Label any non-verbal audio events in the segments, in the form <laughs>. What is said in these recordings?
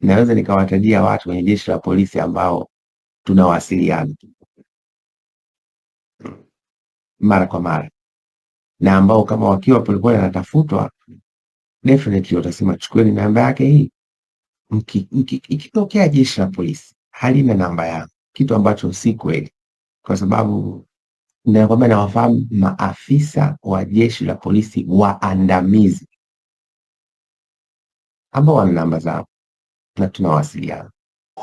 naweza nikawatajia watu kwenye jeshi la polisi ambao tunawasiliana mara kwa mara na ambao kama wakiwa polepole anatafutwa, definitely watasema chukueni namba yake hii. Ikitokea jeshi la polisi halina namba yangu, kitu ambacho si kweli, kwa sababu nakwambia nawafahamu maafisa wa jeshi la polisi waandamizi ambao wana namba zao na tunawasiliana.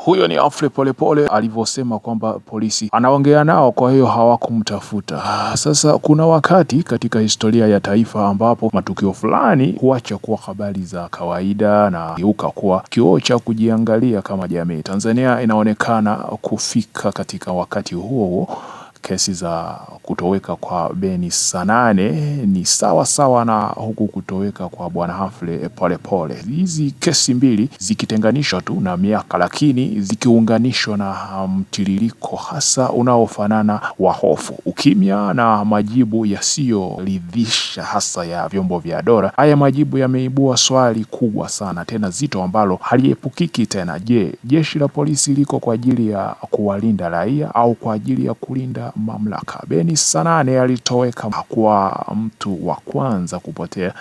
Huyo ni afre Polepole alivyosema kwamba polisi anaongea nao, kwa hiyo hawakumtafuta. Sasa kuna wakati katika historia ya taifa ambapo matukio fulani huacha kuwa habari za kawaida na geuka kuwa kioo cha kujiangalia kama jamii. Tanzania inaonekana kufika katika wakati huo huo kesi za kutoweka kwa Beni Sanane ni sawa sawa na huku kutoweka kwa Bwana Humphrey Polepole. Hizi kesi mbili zikitenganishwa tu na miaka, lakini zikiunganishwa na mtiririko hasa unaofanana wa hofu, ukimya na majibu yasiyoridhisha hasa ya vyombo vya dola. Haya majibu yameibua swali kubwa sana tena zito ambalo haliepukiki tena. Je, jeshi la polisi liko kwa ajili ya kuwalinda raia au kwa ajili ya kulinda mamlaka. Beni Sanane alitoweka kwa mtu wa kwanza kupotea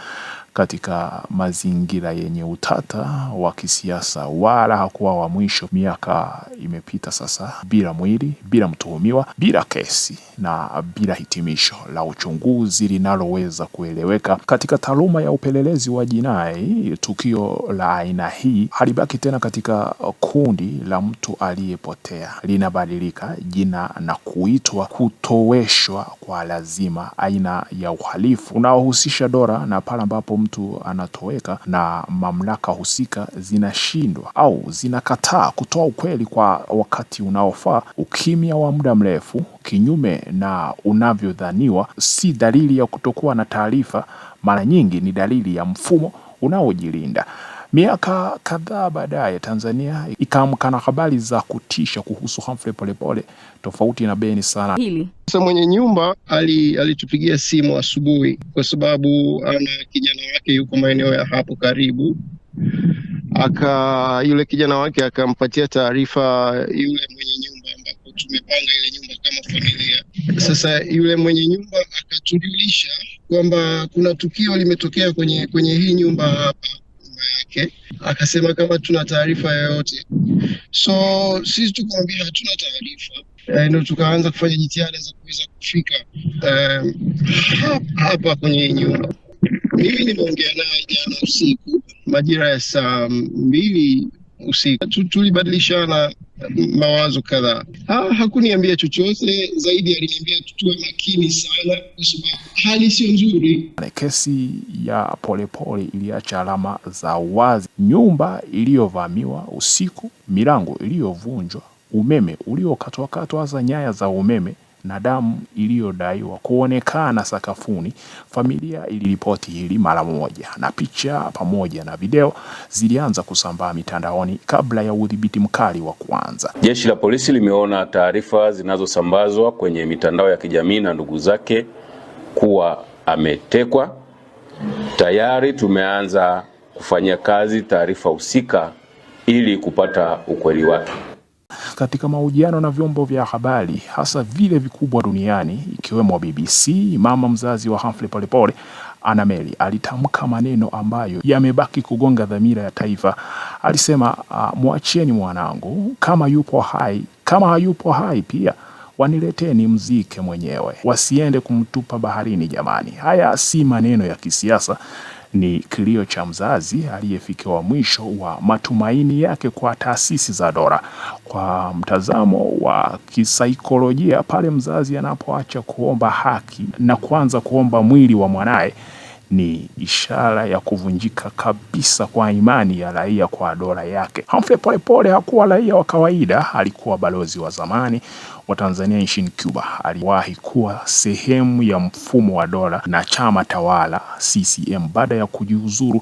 katika mazingira yenye utata wa kisiasa wala hakuwa wa mwisho. Miaka imepita sasa bila mwili, bila mtuhumiwa, bila kesi na bila hitimisho la uchunguzi linaloweza kueleweka. Katika taaluma ya upelelezi wa jinai, tukio la aina hii halibaki tena katika kundi la mtu aliyepotea, linabadilika jina na kuitwa kutoweshwa kwa lazima, aina ya uhalifu unaohusisha dola na pale ambapo mtu anatoweka na mamlaka husika zinashindwa au zinakataa kutoa ukweli kwa wakati unaofaa, ukimya wa muda mrefu, kinyume na unavyodhaniwa, si dalili ya kutokuwa na taarifa. Mara nyingi ni dalili ya mfumo unaojilinda. Miaka kadhaa baadaye Tanzania ikaamka na habari za kutisha kuhusu Humphrey Polepole tofauti na Beni sana. Hili sasa, mwenye nyumba alitupigia ali simu asubuhi, kwa sababu ana kijana wake yuko maeneo ya hapo karibu aka yule kijana wake akampatia taarifa yule mwenye nyumba ambapo tumepanga ile nyumba kama familia. Sasa yule mwenye nyumba akatujulisha kwamba kuna tukio limetokea kwenye kwenye hii nyumba hapa yake, akasema kama tuna taarifa yoyote. So sisi tukuambia hatuna taarifa eh, ndo tukaanza kufanya jitihada za kuweza kufika eh, hapa kwenye nyumba. Mimi nimeongea naye jana usiku majira ya saa mbili husika. Tulibadilishana mawazo kadhaa. Ha, hakuniambia chochote zaidi, aliniambia tutue makini sana, kwa sababu hali sio nzuri. Kesi ya Polepole iliacha alama za wazi: nyumba iliyovamiwa usiku, milango iliyovunjwa, umeme uliokatwakatwa, hasa nyaya za umeme na damu iliyodaiwa kuonekana sakafuni. Familia iliripoti hili mara moja na picha pamoja na video zilianza kusambaa mitandaoni kabla ya udhibiti mkali wa kuanza. Jeshi la polisi limeona taarifa zinazosambazwa kwenye mitandao ya kijamii na ndugu zake kuwa ametekwa. Tayari tumeanza kufanyia kazi taarifa husika ili kupata ukweli wake katika mahojiano na vyombo vya habari hasa vile vikubwa duniani ikiwemo BBC, mama mzazi wa Humphrey Polepole Anna Mary alitamka maneno ambayo yamebaki kugonga dhamira ya taifa. Alisema uh, ah, mwachieni mwanangu kama yupo hai, kama hayupo hai pia wanileteni mzike mwenyewe, wasiende kumtupa baharini jamani. Haya si maneno ya kisiasa, ni kilio cha mzazi aliyefikiwa mwisho wa matumaini yake kwa taasisi za dola. Kwa mtazamo wa kisaikolojia, pale mzazi anapoacha kuomba haki na kuanza kuomba mwili wa mwanaye ni ishara ya kuvunjika kabisa kwa imani ya raia kwa dola yake. Humphrey Polepole hakuwa raia wa kawaida, alikuwa balozi wa zamani wa Tanzania nchini Cuba. Aliwahi kuwa sehemu ya mfumo wa dola na chama tawala CCM. Baada ya kujiuzuru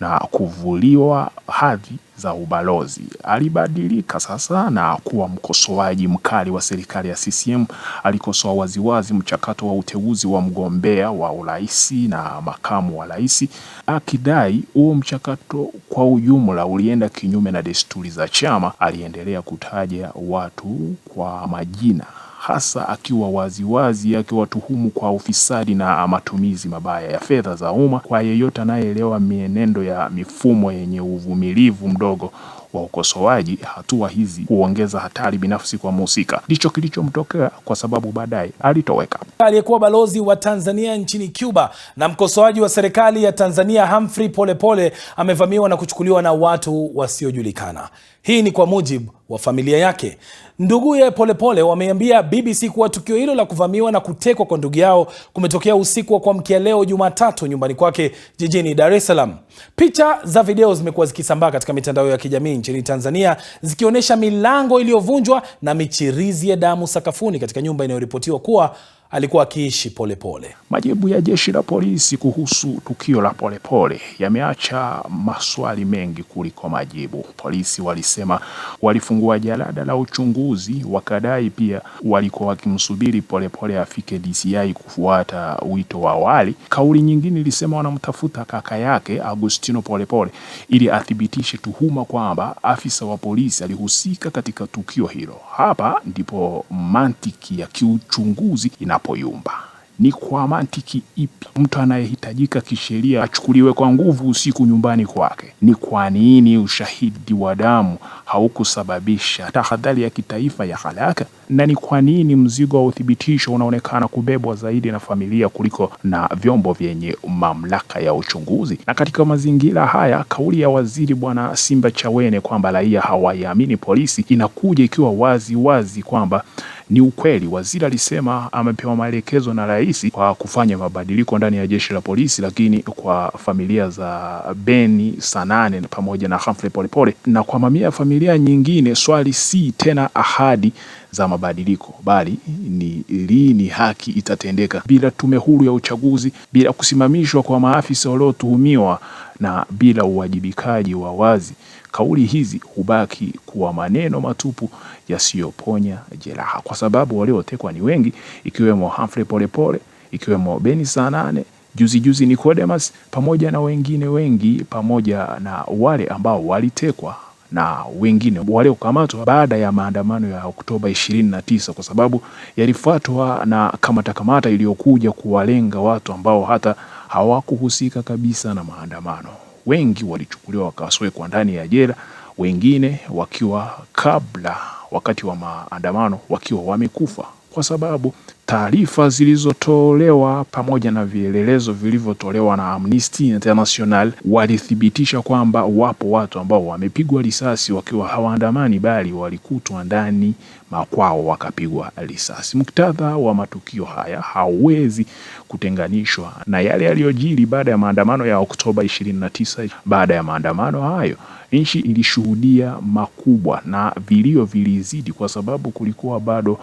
na kuvuliwa hadhi za ubalozi, alibadilika sasa na kuwa mkosoaji mkali wa serikali ya CCM. Alikosoa waziwazi mchakato wa uteuzi wa mgombea wa urais na makamu wa rais, akidai huo mchakato kwa ujumla ulienda kinyume na desturi za chama. Aliendelea kutaja watu kwa majina majina, hasa akiwa waziwazi akiwatuhumu kwa ufisadi na matumizi mabaya ya fedha za umma. Kwa yeyote anayeelewa mienendo ya mifumo yenye uvumilivu mdogo wa ukosoaji, hatua hizi huongeza hatari binafsi kwa mhusika. Ndicho kilichomtokea kwa sababu baadaye alitoweka. Aliyekuwa balozi wa Tanzania nchini Cuba na mkosoaji wa serikali ya Tanzania Humphrey Polepole amevamiwa na kuchukuliwa na watu wasiojulikana. Hii ni kwa mujibu wa familia yake. Nduguye Polepole wameambia BBC kuwa tukio hilo la kuvamiwa na kutekwa kwa ndugu yao kumetokea usiku wa kuamkia leo Jumatatu nyumbani kwake jijini Dar es Salaam. Picha za video zimekuwa zikisambaa katika mitandao ya kijamii nchini Tanzania zikionyesha milango iliyovunjwa na michirizi ya damu sakafuni katika nyumba inayoripotiwa kuwa alikuwa akiishi Polepole. Majibu ya jeshi la polisi kuhusu tukio la Polepole yameacha maswali mengi kuliko majibu. Polisi walisema walifungua jalada la uchunguzi, wakadai pia walikuwa wakimsubiri Polepole afike DCI kufuata wito wa awali. Kauli nyingine ilisema wanamtafuta kaka yake Agustino Polepole ili athibitishe tuhuma kwamba afisa wa polisi alihusika katika tukio hilo. Hapa ndipo mantiki ya kiuchunguzi ina anapoyumba. Ni kwa mantiki ipi mtu anayehitajika kisheria achukuliwe kwa nguvu usiku nyumbani kwake? Ni kwa nini ushahidi wa damu haukusababisha tahadhari ya kitaifa ya haraka? Na ni kwa nini mzigo wa uthibitisho unaonekana kubebwa zaidi na familia kuliko na vyombo vyenye mamlaka ya uchunguzi? Na katika mazingira haya, kauli ya waziri Bwana Simba Chawene kwamba raia hawaiamini polisi inakuja ikiwa wazi wazi kwamba ni ukweli waziri alisema amepewa maelekezo na rais kwa kufanya mabadiliko ndani ya jeshi la polisi, lakini kwa familia za Beni Sanane pamoja na Humphrey Polepole na kwa mamia ya familia nyingine, swali si tena ahadi za mabadiliko bali ni lini haki itatendeka. Bila tume huru ya uchaguzi, bila kusimamishwa kwa maafisa waliotuhumiwa na bila uwajibikaji wa wazi, Kauli hizi hubaki kuwa maneno matupu yasiyoponya jeraha, kwa sababu waliotekwa ni wengi, ikiwemo Humphrey Polepole, ikiwemo Beni saa nane juzi juzi Nicodemus pamoja na wengine wengi, pamoja na wale ambao walitekwa na wengine waliokamatwa baada ya maandamano ya Oktoba ishirini na tisa kwa sababu yalifuatwa na kamatakamata iliyokuja kuwalenga watu ambao hata hawakuhusika kabisa na maandamano wengi walichukuliwa wakawekwa ndani ya jela, wengine wakiwa kabla, wakati wa maandamano, wakiwa wamekufa kwa sababu taarifa zilizotolewa pamoja na vielelezo vilivyotolewa na Amnesty International walithibitisha kwamba wapo watu ambao wamepigwa risasi wakiwa hawaandamani bali walikutwa ndani makwao wakapigwa risasi. Muktadha wa matukio haya hauwezi kutenganishwa na yale yaliyojiri baada ya maandamano ya Oktoba 29. Baada ya maandamano hayo, nchi ilishuhudia makubwa na vilio vilizidi, kwa sababu kulikuwa bado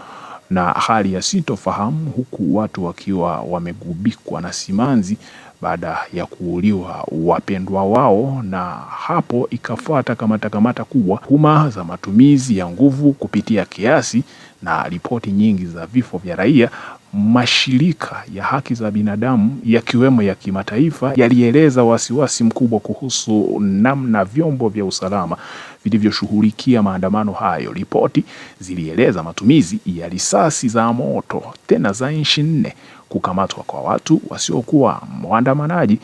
na hali ya sintofahamu huku watu wakiwa wamegubikwa na simanzi baada ya kuuliwa wapendwa wao na hapo ikafuata kamata kamata kubwa huma za matumizi ya nguvu kupitia kiasi na ripoti nyingi za vifo vya raia mashirika ya haki za binadamu yakiwemo ya kimataifa yalieleza wasiwasi mkubwa kuhusu namna vyombo vya usalama vilivyoshughulikia maandamano hayo. Ripoti zilieleza matumizi ya risasi za moto tena za inchi nne, kukamatwa kwa watu wasiokuwa waandamanaji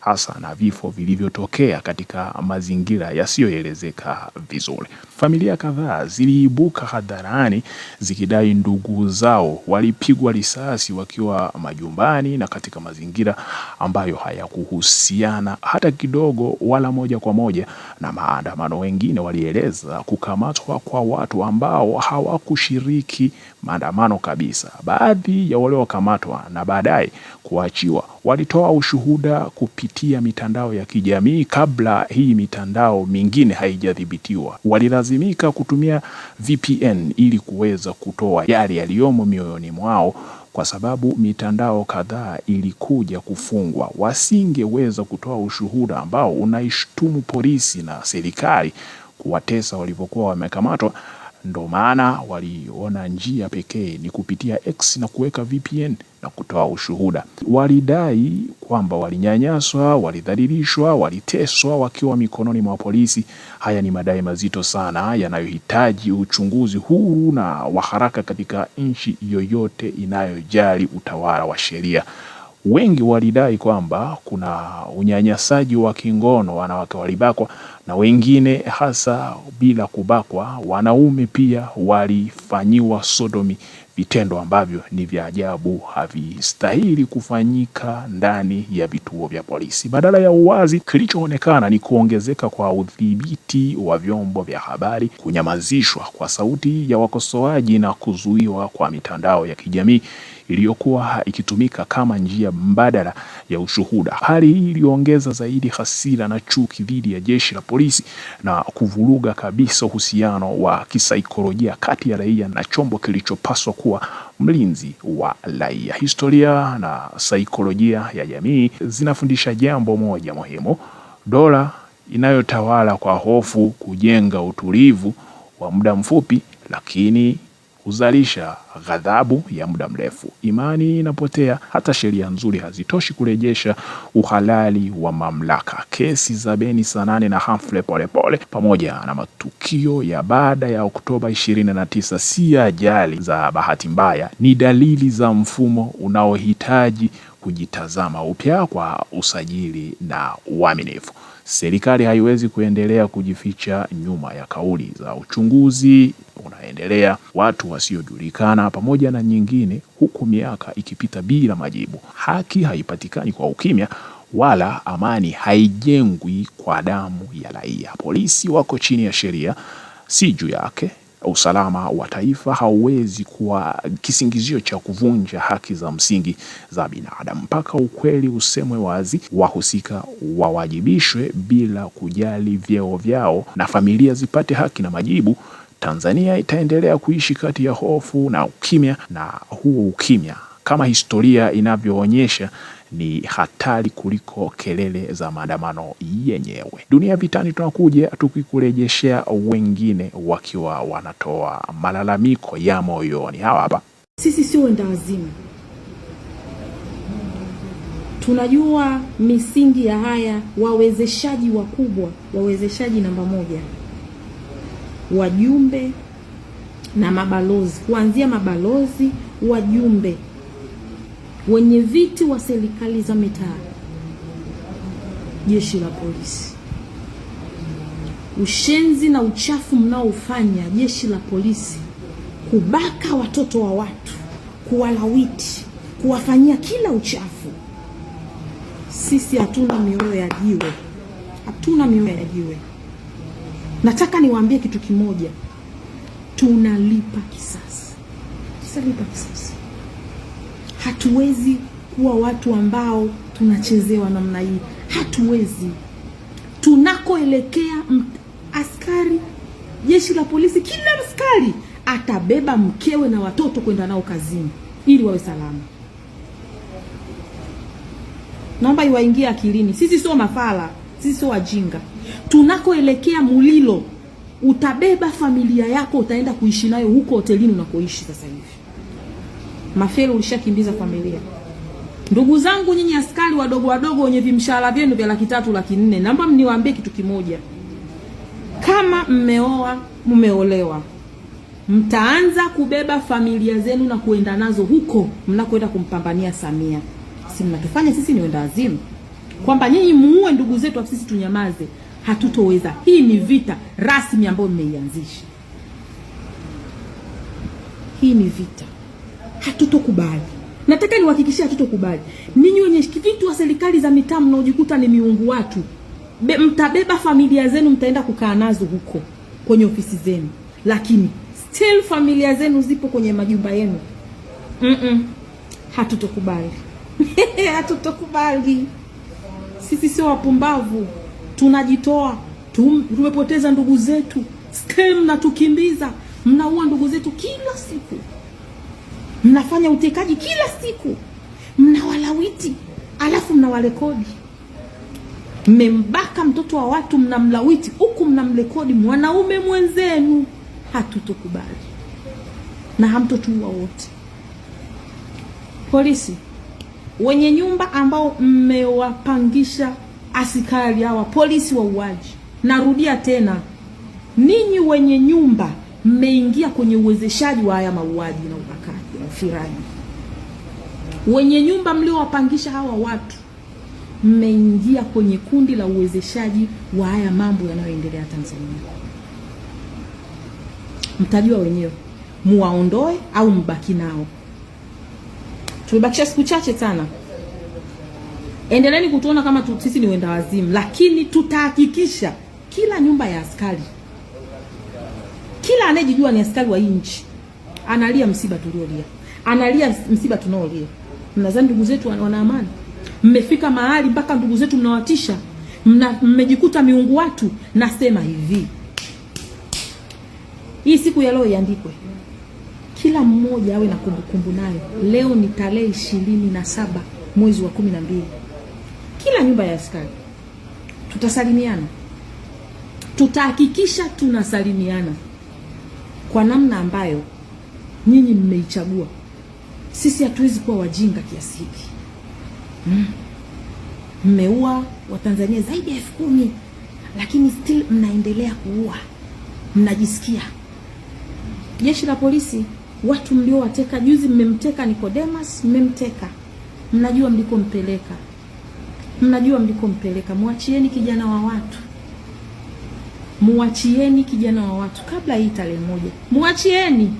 hasa na vifo vilivyotokea katika mazingira yasiyoelezeka vizuri. Familia kadhaa ziliibuka hadharani zikidai ndugu zao walipigwa risasi wakiwa majumbani na katika mazingira ambayo hayakuhusiana hata kidogo wala moja kwa moja na maandamano. Wengine walieleza kukamatwa kwa watu ambao hawakushiriki maandamano kabisa. Baadhi ya waliokamatwa na baadaye kuachiwa walitoa ushuhuda kupitia mitandao ya kijamii kabla hii mitandao mingine haijadhibitiwa wanalazimika kutumia VPN ili kuweza kutoa yale yaliyomo mioyoni mwao, kwa sababu mitandao kadhaa ilikuja kufungwa. Wasingeweza kutoa ushuhuda ambao unaishtumu polisi na serikali kuwatesa walipokuwa wamekamatwa. Ndo maana waliona njia pekee ni kupitia X na kuweka VPN na kutoa ushuhuda. Walidai kwamba walinyanyaswa, walidhalilishwa, waliteswa wakiwa mikononi mwa polisi. Haya ni madai mazito sana yanayohitaji uchunguzi huru na wa haraka katika nchi yoyote inayojali utawala wa sheria. Wengi walidai kwamba kuna unyanyasaji wa kingono, wanawake walibakwa, na wengine hasa bila kubakwa, wanaume pia walifanyiwa sodomi, vitendo ambavyo ni vya ajabu, havistahili kufanyika ndani ya vituo vya polisi. Badala ya uwazi, kilichoonekana ni kuongezeka kwa udhibiti wa vyombo vya habari, kunyamazishwa kwa sauti ya wakosoaji na kuzuiwa kwa mitandao ya kijamii iliyokuwa ikitumika kama njia mbadala ya ushuhuda. Hali hii iliongeza zaidi hasira na chuki dhidi ya jeshi la polisi na kuvuruga kabisa uhusiano wa kisaikolojia kati ya raia na chombo kilichopaswa kuwa mlinzi wa raia. Historia na saikolojia ya jamii zinafundisha jambo moja muhimu: dola inayotawala kwa hofu kujenga utulivu wa muda mfupi, lakini huzalisha ghadhabu ya muda mrefu. Imani inapotea, hata sheria nzuri hazitoshi kurejesha uhalali wa mamlaka. Kesi za Beni Sanane na Humphrey Polepole pamoja na matukio ya baada ya Oktoba 29 si ajali za bahati mbaya, ni dalili za mfumo unaohitaji kujitazama upya kwa usajili na uaminifu. Serikali haiwezi kuendelea kujificha nyuma ya kauli za uchunguzi unaendelea, watu wasiojulikana, pamoja na nyingine, huku miaka ikipita bila majibu. Haki haipatikani kwa ukimya wala amani haijengwi kwa damu ya raia. Polisi wako chini ya sheria, si juu yake usalama wa taifa hauwezi kuwa kisingizio cha kuvunja haki za msingi za binadamu, mpaka ukweli usemwe wazi, wahusika wawajibishwe bila kujali vyeo vyao, na familia zipate haki na majibu. Tanzania itaendelea kuishi kati ya hofu na ukimya, na huo ukimya kama historia inavyoonyesha ni hatari kuliko kelele za maandamano yenyewe. Dunia Vitani tunakuja tukikurejeshea wengine wakiwa wanatoa malalamiko ya moyoni. Hawa hapa, sisi sio wazima tunajua misingi ya haya. Wawezeshaji wakubwa, wawezeshaji namba moja, wajumbe na mabalozi, kuanzia mabalozi, wajumbe wenye viti wa serikali za mitaa, jeshi la polisi. Ushenzi na uchafu mnaofanya jeshi la polisi, kubaka watoto wa watu, kuwalawiti, kuwafanyia kila uchafu. Sisi hatuna mioyo ya jiwe, hatuna mioyo ya jiwe. Nataka niwaambie kitu kimoja, tunalipa kisasi, tutalipa kisasi. Hatuwezi kuwa watu ambao tunachezewa namna hii, hatuwezi. Tunakoelekea askari jeshi la polisi, kila askari atabeba mkewe na watoto kwenda nao kazini ili wawe salama. Naomba iwaingie akilini, sisi sio mafala, sisi sio wajinga. Tunakoelekea Mulilo, utabeba familia yako utaenda kuishi nayo huko hotelini unakoishi sasa hivi mafeli ulishakimbiza familia. Ndugu zangu nyinyi askari wadogo wadogo wenye vimshahara vyenu vya laki tatu laki nne, naomba mniwaambie kitu kimoja. Kama mmeoa mmeolewa, mtaanza kubeba familia zenu na kuenda nazo huko mnakoenda kumpambania Samia. Si mnatufanya sisi ni wenda wazimu, kwamba nyinyi muue ndugu zetu sisi tunyamaze? Hatutoweza. Hii ni vita rasmi ambayo mmeianzisha. Hii ni vita hatutokubali. Nataka niwahakikishie hatutokubali. Ninyi wenye vitu wa serikali za mitaa mnaojikuta ni miungu watu, Be, mtabeba familia zenu mtaenda kukaa nazo huko kwenye ofisi zenu, lakini still familia zenu zipo kwenye majumba yenu. mm -mm. Hatutokubali. <laughs> Hatutokubali. Sisi sio wapumbavu, tunajitoa. Tumepoteza ndugu zetu scam na tukimbiza, mnaua ndugu zetu kila siku mnafanya utekaji kila siku, mnawalawiti alafu mnawarekodi. Mmembaka mtoto wa watu, mnamlawiti huku mnamrekodi mwanaume mwenzenu. Hatutokubali na hamtotuua wote. Polisi wenye nyumba ambao mmewapangisha askari hawa polisi wauaji, narudia tena, ninyi wenye nyumba mmeingia kwenye uwezeshaji wa haya mauaji na ubakaji. Firani. Wenye nyumba mliowapangisha hawa watu, mmeingia kwenye kundi la uwezeshaji wa haya mambo yanayoendelea Tanzania. Mtajua wenyewe muwaondoe au mbaki nao. Tumebakisha siku chache sana, endeleeni kutuona kama tu, sisi ni wenda wazimu, lakini tutahakikisha kila nyumba ya askari, kila anayejijua ni askari wa nchi analia msiba tuliolia analia msiba tunaolia. Mnadhani ndugu zetu wana amani? Mmefika mahali mpaka ndugu zetu mnawatisha, mmejikuta miungu watu. Nasema hivi, hii siku ya leo iandikwe, kila mmoja awe na kumbukumbu nayo. Leo ni tarehe ishirini na saba mwezi wa kumi na mbili. Kila nyumba ya askari tutasalimiana, tutahakikisha tunasalimiana kwa namna ambayo nyinyi mmeichagua. Sisi hatuwezi kuwa wajinga kiasi hiki. Hmm. Mmeua mm, Watanzania zaidi ya elfu kumi lakini still mnaendelea kuua, mnajisikia. Jeshi la polisi, watu mliowateka juzi, mmemteka Nicodemus, mmemteka, mnajua mlikompeleka, mnajua mlikompeleka. Mwachieni kijana wa watu, muachieni kijana wa watu kabla hii tarehe moja, muachieni.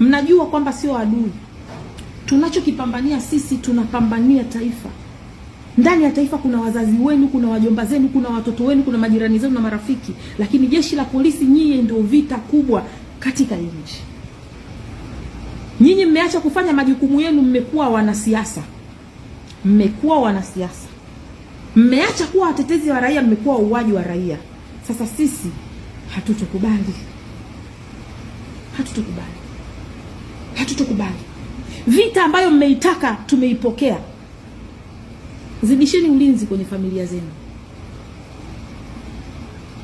Mnajua kwamba sio adui tunachokipambania sisi, tunapambania taifa. Ndani ya taifa kuna wazazi wenu, kuna wajomba zenu, kuna watoto wenu, kuna majirani zenu na marafiki, lakini jeshi la polisi, nyiye ndio vita kubwa katika nchi. Nyinyi mmeacha kufanya majukumu yenu, mmekuwa wanasiasa, mmekuwa wanasiasa, mmeacha kuwa watetezi wa raia, mmekuwa wauaji wa raia. Sasa sisi hatutokubali, hatutokubali, hatutokubali. Vita ambayo mmeitaka tumeipokea. Zidisheni ulinzi kwenye familia zenu,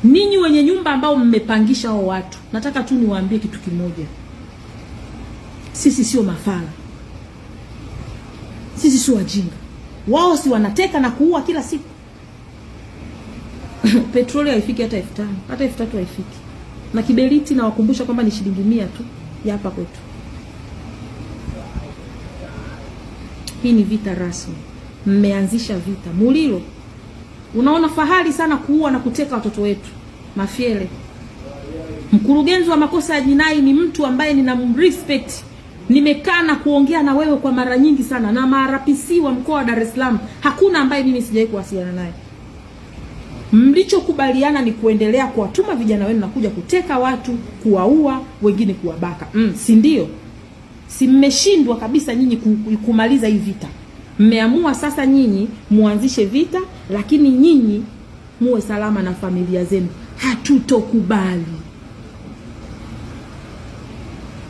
ninyi wenye nyumba ambao mmepangisha hao watu. Nataka tu niwaambie kitu kimoja, sisi sio mafala, sisi sio wajinga. Wao si wanateka na kuua kila siku <laughs> petroli haifiki hata elfu tano hata elfu tatu haifiki, na kiberiti nawakumbusha kwamba ni shilingi mia tu ya hapa kwetu. Hii ni vita rasmi, mmeanzisha vita. Mulilo, unaona fahari sana kuua na kuteka watoto wetu. Mafyele, mkurugenzi wa makosa ya jinai ni mtu ambaye nina respect. Nimekaa na kuongea na wewe kwa mara nyingi sana na maarapisi wa mkoa wa Dar es Salaam, hakuna ambaye mimi sijawahi kuwasiliana naye. Mlichokubaliana ni kuendelea kuwatuma vijana wenu na kuja kuteka watu, kuwaua wengine, kuwabaka mm, si ndio? si mmeshindwa kabisa nyinyi kumaliza hii vita, mmeamua sasa nyinyi muanzishe vita, lakini nyinyi muwe salama na familia zenu. Hatutokubali.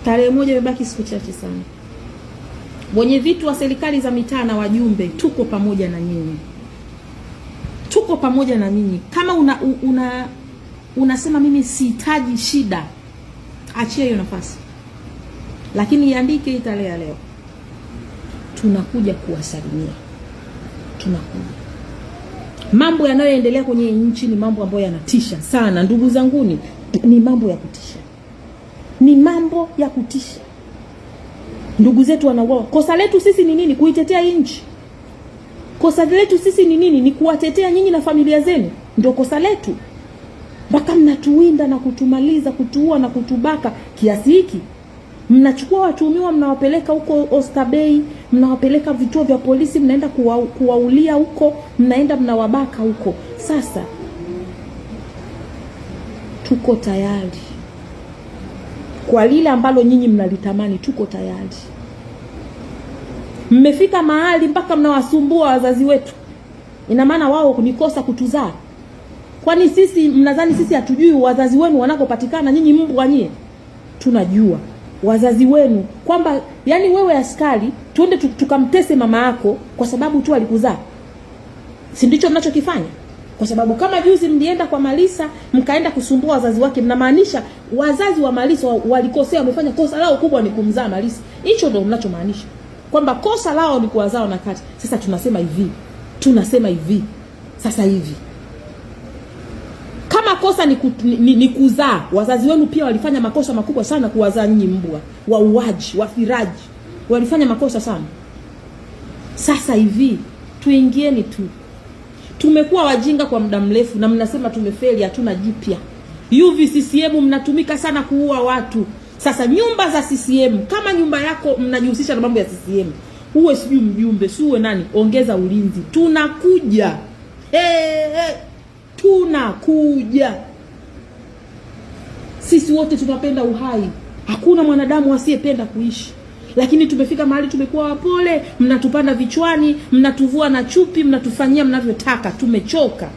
Tarehe moja imebaki siku chache sana. Wenye vitu wa serikali za mitaa na wajumbe, tuko pamoja na nyinyi, tuko pamoja na nyinyi. Kama una, una unasema mimi sihitaji shida, achia hiyo nafasi lakini iandike hii tarehe ya leo, tunakuja kuwasalimia, tunakuja mambo yanayoendelea kwenye nchi ni mambo ambayo yanatisha sana, ndugu zanguni, ni mambo ya kutisha, ni mambo ya kutisha. Ndugu zetu wanauawa. Kosa letu sisi ni nini? Kuitetea nchi. Kosa letu sisi ni nini? Ni kuwatetea nyinyi na familia zenu, ndio kosa letu, mpaka mnatuwinda na kutumaliza, kutuua na kutubaka kiasi hiki mnachukua watuhumiwa mnawapeleka huko Oysterbay, mnawapeleka vituo vya polisi, mnaenda kuwa, kuwaulia huko, mnaenda mnawabaka huko. Sasa tuko tayari kwa lile ambalo nyinyi mnalitamani, tuko tayari. Mmefika mahali mpaka mnawasumbua wazazi wetu, ina maana wao ni kosa kutuzaa? Kwani sisi mnadhani sisi hatujui wazazi wenu wanakopatikana? Nyinyi mbwa nyie, tunajua wazazi wenu kwamba yani, wewe askari, tuende tukamtese mama yako kwa sababu tu alikuzaa. Si ndicho mnachokifanya? Kwa sababu kama juzi mlienda kwa Malisa mkaenda kusumbua wazazi wake, mnamaanisha wazazi wa Malisa walikosea, wamefanya kosa lao kubwa ni kumzaa Malisa. Hicho ndio mnachomaanisha kwamba kosa lao ni kuwazaa kati. Sasa tunasema hivi, tunasema hivi sasa hivi kama kosa ni, ku, ni, ni kuzaa, wazazi wenu pia walifanya makosa makubwa sana kuwazaa nyinyi mbwa wauaji, wafiraji, walifanya makosa sana. Sasa hivi tuingieni tu, tumekuwa wajinga kwa muda mrefu na mnasema tumefeli, hatuna jipya. UVCCM mnatumika sana kuua watu. Sasa nyumba za CCM, kama nyumba yako mnajihusisha na mambo ya CCM, uwe sijui mjumbe, si uwe nani, ongeza ulinzi, tunakuja. hey, hey tunakuja. Sisi wote tunapenda uhai, hakuna mwanadamu asiyependa kuishi, lakini tumefika mahali tumekuwa wapole, mnatupanda vichwani, mnatuvua na chupi, mnatufanyia mnavyotaka. Tumechoka.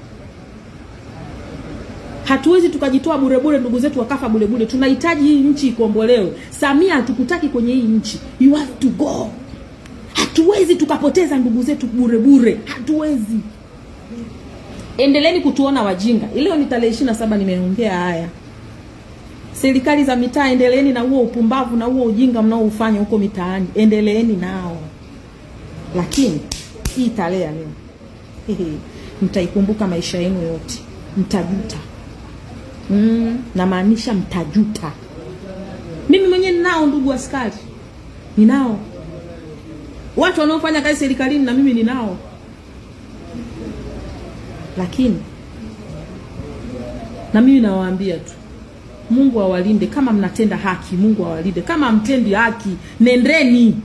Hatuwezi tukajitoa burebure, ndugu zetu wakafa burebure. Tunahitaji hii nchi ikombolewe. Samia, hatukutaki kwenye hii nchi, you have to go. Hatuwezi tukapoteza ndugu zetu burebure, hatuwezi endeleni kutuona wajinga. Leo ni tarehe ishirini na saba, nimeongea haya. Serikali za mitaa, endeleni na huo upumbavu na huo ujinga mnaoufanya huko mitaani, endeleeni nao, lakini hii tarehe ya leo mtaikumbuka maisha yenu yote, mtajuta. Mm, namaanisha mtajuta. Mimi mwenyewe ninao ndugu askari, ninao watu wanaofanya kazi serikalini, na mimi ninao lakini na mimi nawaambia tu Mungu awalinde. Kama mnatenda haki, Mungu awalinde. Kama mtendi haki, nendeni.